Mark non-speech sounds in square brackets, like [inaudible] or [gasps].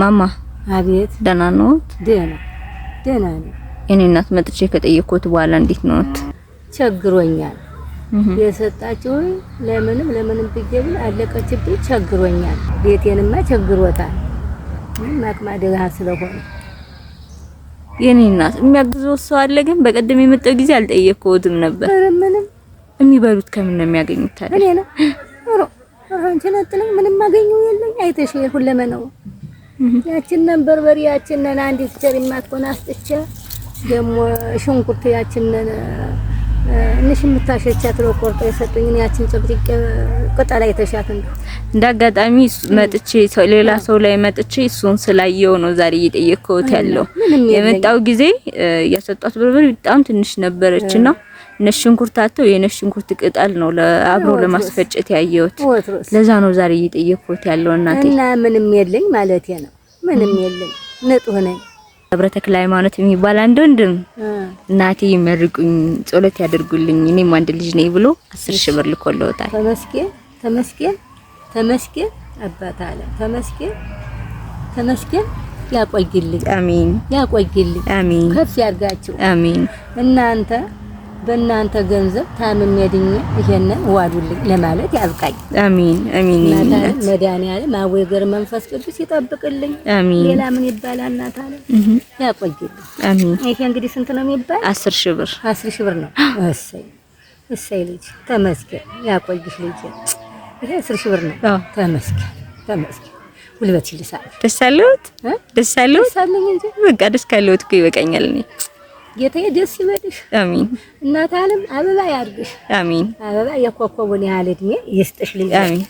ማማ አቤት፣ ደህና ነዎት? ደህና ደህና እኔ እናት መጥቼ ከጠየቅኩት በኋላ እንዴት ነዎት? ቸግሮኛል። የሰጣቸው ለምንም ለምንም ብዬሽ አለቀችብኝ። ቸግሮኛል። ቤቴንማ ቸግሮታል። ምን ማቅማ ደጋ ስለሆነ የኔ እናት የሚያግዘው ሰው አለ። ግን በቀደም የመጣው ጊዜ አልጠየቅኩትም ነበር። ምንም የሚበሉት ከምን ነው የሚያገኙት? ታዲያ እኔ ነው ምንም ማገኘው የለኝ። አይተሽ ነው ያችንን በርበሬ ያችንን አንዲት ቸር የማትሆን አስጥቼ ደግሞ ሽንኩርት ያችንን እንሽ የምታሸቻት ነው ቆርጦ የሰጡኝ ያችን ጨብጭቄ ቅጠላ የተሻት እንደ እንዳጋጣሚ መጥቼ ሌላ ሰው ላይ መጥቼ እሱን ስላየው ነው ዛሬ እየጠየቅኩት ያለው። የመጣው ጊዜ ያሰጧት በርበሬ በጣም ትንሽ ነበረችና ነጭ ሽንኩርት አተው የነጭ ቅጠል ነው አብሮ ለማስፈጨት ያየሁት። ለዛ ነው ዛሬ እየጠየቅኩት ያለው እናቴ። እና ምንም የለኝ ማለት ነው ምንም የለኝ ንጡህ ነኝ ደብረ ተክለ ሃይማኖት የሚባል አንድ ወንድም እናቴ ይመርቁኝ ጸሎት ያደርጉልኝ እኔም አንድ ልጅ ነኝ ብሎ አስር ሺህ ብር ልኮልዎታል። ተመስገን ተመስገን ተመስገን አባት አለ ተመስገን ተመስገን ያቆይልኝ። አሜን። ያቆይልኝ። አሜን። ከፍ ያርጋችሁ። አሜን። እናንተ በእናንተ ገንዘብ ታምም ያድኛ ይሄን ዋዱልኝ ለማለት ያብቃኝ። አሚን አሚን። መድኃኒዓለም አቡነ ገብረ መንፈስ ቅዱስ ይጠብቅልኝ። አሚን። ሌላ ምን ይባላል? እናት አለ ያቆይልኝ። አሚን። ይሄ እንግዲህ ስንት ነው የሚባል? አስር ሺህ ብር አስር ሺህ ብር ነው። [gasps] እሰይ እሰይ። ልጅ ተመስገን፣ ያቆይሽ ልጅ። ይሄ አስር ሺህ ብር ነው። ተመስገን ተመስገን። ጉልበት ይልሳል። ደስ አለሁት ደስ አለሁት። በቃ ደስ ካለሁት እኮ ይበቃኛል እኔ ጌታዬ ደስ ይበልሽ። አሚን። እናት ዓለም አበባ ያድርግሽ። አሚን። አበባ የኮከቡን ያህል እድሜ ይስጥሽ ልጅ። አሚን።